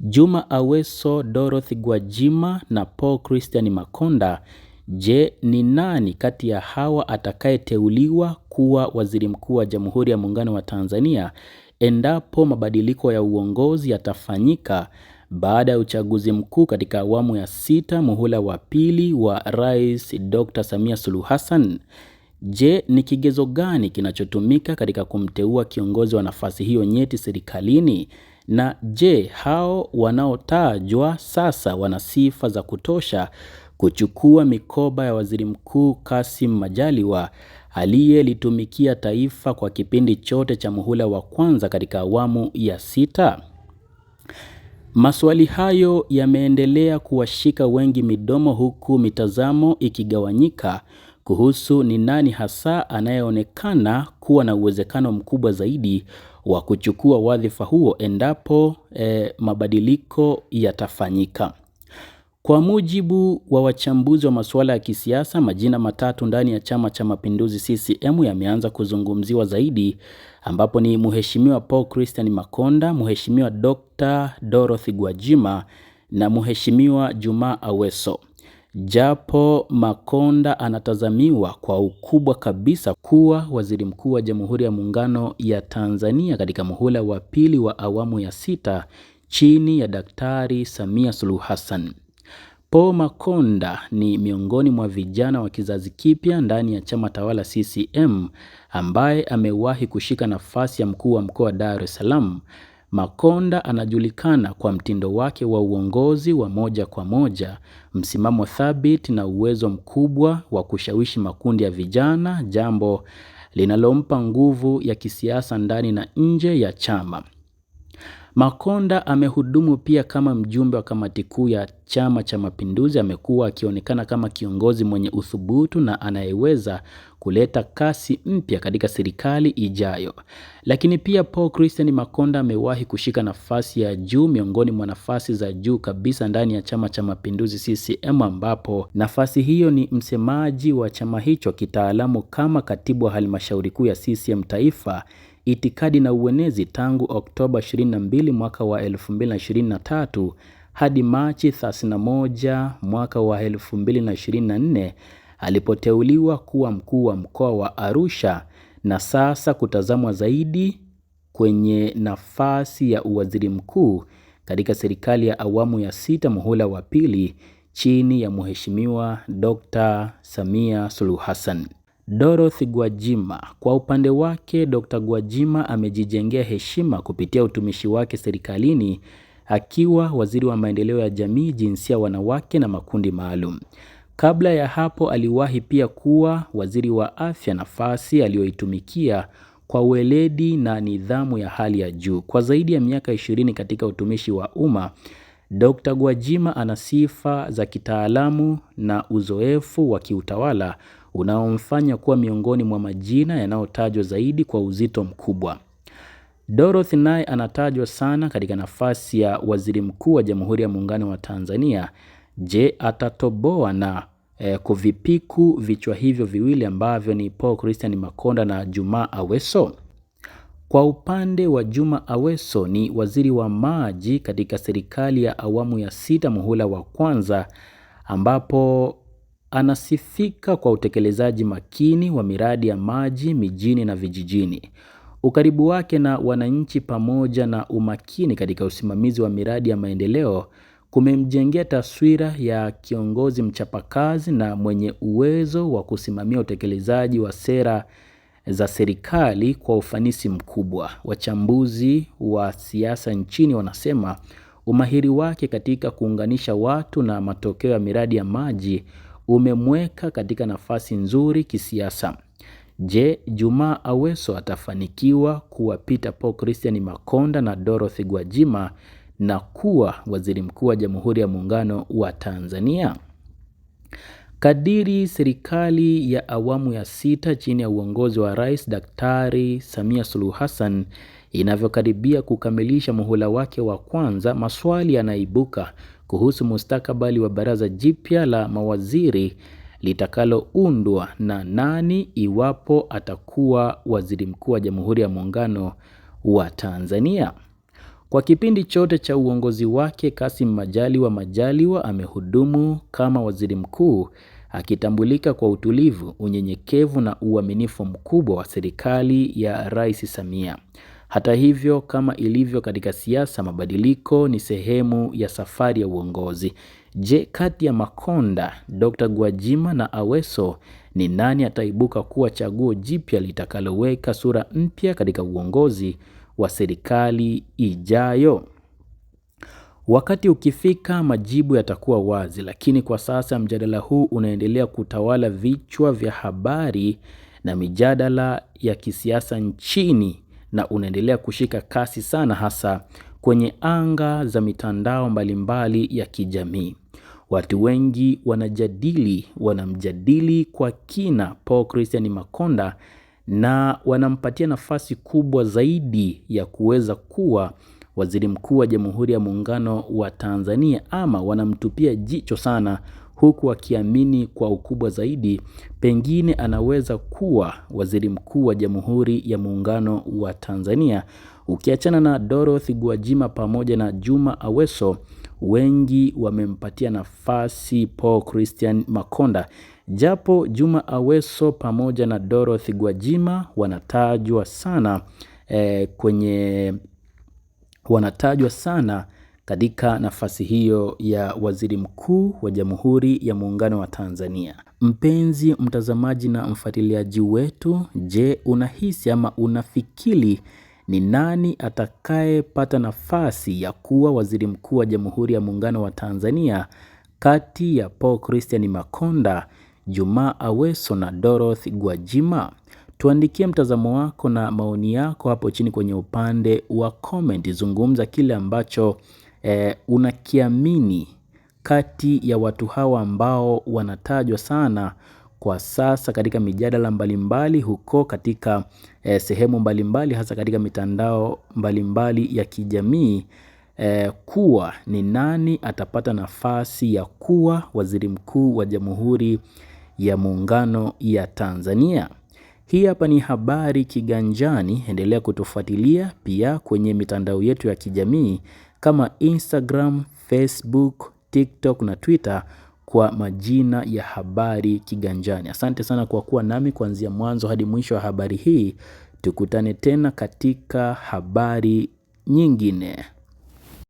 Juma Aweso, Dorothy Gwajima na Paul Christian Makonda. Je, ni nani kati ya hawa atakayeteuliwa kuwa waziri mkuu wa Jamhuri ya Muungano wa Tanzania endapo mabadiliko ya uongozi yatafanyika baada ya uchaguzi mkuu katika awamu ya sita muhula wa pili wa Rais Dr. Samia Suluhu Hassan? Je, ni kigezo gani kinachotumika katika kumteua kiongozi wa nafasi hiyo nyeti serikalini? Na je, hao wanaotajwa sasa wana sifa za kutosha kuchukua mikoba ya Waziri Mkuu Kassim Majaliwa aliyelitumikia taifa kwa kipindi chote cha muhula wa kwanza katika awamu ya sita? Maswali hayo yameendelea kuwashika wengi midomo huku mitazamo ikigawanyika kuhusu ni nani hasa anayeonekana kuwa na uwezekano mkubwa zaidi wa kuchukua wadhifa huo endapo e, mabadiliko yatafanyika. Kwa mujibu wa wachambuzi wa masuala ya kisiasa, majina matatu ndani ya Chama cha Mapinduzi CCM yameanza kuzungumziwa zaidi, ambapo ni Mheshimiwa Paul Christian Makonda, Mheshimiwa Dr. Dorothy Gwajima na Mheshimiwa Juma Aweso. Japo Makonda anatazamiwa kwa ukubwa kabisa kuwa waziri mkuu wa Jamhuri ya Muungano ya Tanzania katika muhula wa pili wa awamu ya sita chini ya Daktari Samia Suluhu Hassan. Paul Makonda ni miongoni mwa vijana wa kizazi kipya ndani ya chama tawala CCM ambaye amewahi kushika nafasi ya mkuu wa mkoa wa Dar es Salaam Makonda anajulikana kwa mtindo wake wa uongozi wa moja kwa moja, msimamo thabiti na uwezo mkubwa wa kushawishi makundi ya vijana, jambo linalompa nguvu ya kisiasa ndani na nje ya chama. Makonda amehudumu pia kama mjumbe wa kamati kuu ya Chama cha Mapinduzi. Amekuwa akionekana kama kiongozi mwenye uthubutu na anayeweza kuleta kasi mpya katika serikali ijayo. Lakini pia Paul Christian Makonda amewahi kushika nafasi ya juu miongoni mwa nafasi za juu kabisa ndani ya Chama cha Mapinduzi CCM, ambapo nafasi hiyo ni msemaji wa chama hicho, kitaalamu kama katibu wa halmashauri kuu ya CCM taifa. Itikadi na Uenezi tangu Oktoba 22 mwaka wa 2023 hadi Machi 31 mwaka wa 2024 alipoteuliwa kuwa mkuu wa mkoa wa Arusha na sasa kutazamwa zaidi kwenye nafasi ya uwaziri mkuu katika serikali ya awamu ya sita muhula wa pili chini ya Mheshimiwa Dr. Samia Suluhu Hassan. Dorothy Gwajima. Kwa upande wake, Dr. Gwajima amejijengea heshima kupitia utumishi wake serikalini akiwa waziri wa maendeleo ya jamii, jinsia, wanawake na makundi maalum. Kabla ya hapo, aliwahi pia kuwa waziri wa afya, nafasi aliyoitumikia kwa weledi na nidhamu ya hali ya juu. Kwa zaidi ya miaka ishirini katika utumishi wa umma, Dr. Gwajima ana sifa za kitaalamu na uzoefu wa kiutawala unaomfanya kuwa miongoni mwa majina yanayotajwa zaidi kwa uzito mkubwa. Dorothy naye anatajwa sana katika nafasi ya Waziri Mkuu wa Jamhuri ya Muungano wa Tanzania. Je, atatoboa na eh, kuvipiku vichwa hivyo viwili ambavyo ni Paul Christian Makonda na Juma Aweso? Kwa upande wa Juma Aweso ni waziri wa maji katika serikali ya awamu ya sita muhula wa kwanza ambapo anasifika kwa utekelezaji makini wa miradi ya maji mijini na vijijini. Ukaribu wake na wananchi pamoja na umakini katika usimamizi wa miradi ya maendeleo kumemjengea taswira ya kiongozi mchapakazi na mwenye uwezo wa kusimamia utekelezaji wa sera za serikali kwa ufanisi mkubwa. Wachambuzi wa siasa nchini wanasema umahiri wake katika kuunganisha watu na matokeo ya miradi ya maji umemweka katika nafasi nzuri kisiasa. Je, Juma Aweso atafanikiwa kuwapita Paul Christian Makonda na Dorothy Gwajima na kuwa waziri mkuu wa Jamhuri ya Muungano wa Tanzania? Kadiri serikali ya awamu ya sita chini ya uongozi wa Rais Daktari Samia Suluhu Hassan inavyokaribia kukamilisha muhula wake wa kwanza, maswali yanaibuka kuhusu mustakabali wa baraza jipya la mawaziri litakaloundwa na nani iwapo atakuwa waziri mkuu wa Jamhuri ya Muungano wa Tanzania. Kwa kipindi chote cha uongozi wake, Kassim Majaliwa Majaliwa amehudumu kama waziri mkuu akitambulika kwa utulivu, unyenyekevu na uaminifu mkubwa wa serikali ya Rais Samia. Hata hivyo, kama ilivyo katika siasa, mabadiliko ni sehemu ya safari ya uongozi. Je, kati ya Makonda, Dr. Gwajima na Aweso ni nani ataibuka kuwa chaguo jipya litakaloweka sura mpya katika uongozi wa serikali ijayo? Wakati ukifika, majibu yatakuwa wazi, lakini kwa sasa mjadala huu unaendelea kutawala vichwa vya habari na mijadala ya kisiasa nchini na unaendelea kushika kasi sana hasa kwenye anga za mitandao mbalimbali mbali ya kijamii. Watu wengi wanajadili, wanamjadili kwa kina Paul Christian Makonda na wanampatia nafasi kubwa zaidi ya kuweza kuwa waziri mkuu wa Jamhuri ya Muungano wa Tanzania ama wanamtupia jicho sana huku akiamini kwa ukubwa zaidi pengine anaweza kuwa waziri mkuu wa Jamhuri ya Muungano wa Tanzania. Ukiachana na Dorothy Gwajima pamoja na Juma Aweso, wengi wamempatia nafasi Paul Christian Makonda, japo Juma Aweso pamoja na Dorothy Gwajima wanatajwa sana eh, kwenye wanatajwa sana katika nafasi hiyo ya waziri mkuu wa Jamhuri ya Muungano wa Tanzania. Mpenzi mtazamaji na mfuatiliaji wetu, je, unahisi ama unafikiri ni nani atakayepata nafasi ya kuwa waziri mkuu wa Jamhuri ya Muungano wa Tanzania kati ya Paul Christian Makonda, Juma Aweso na Dorothy Gwajima? Tuandikie mtazamo wako na maoni yako hapo chini kwenye upande wa comment. Zungumza kile ambacho Eh, unakiamini kati ya watu hawa ambao wanatajwa sana kwa sasa katika mijadala mbalimbali huko katika e, sehemu mbalimbali hasa katika mitandao mbalimbali ya kijamii e, kuwa ni nani atapata nafasi ya kuwa waziri mkuu wa Jamhuri ya Muungano ya Tanzania. Hii hapa ni Habari Kiganjani, endelea kutufuatilia pia kwenye mitandao yetu ya kijamii kama Instagram, Facebook, TikTok na Twitter kwa majina ya Habari Kiganjani. Asante sana kwa kuwa nami kuanzia mwanzo hadi mwisho wa habari hii. Tukutane tena katika habari nyingine.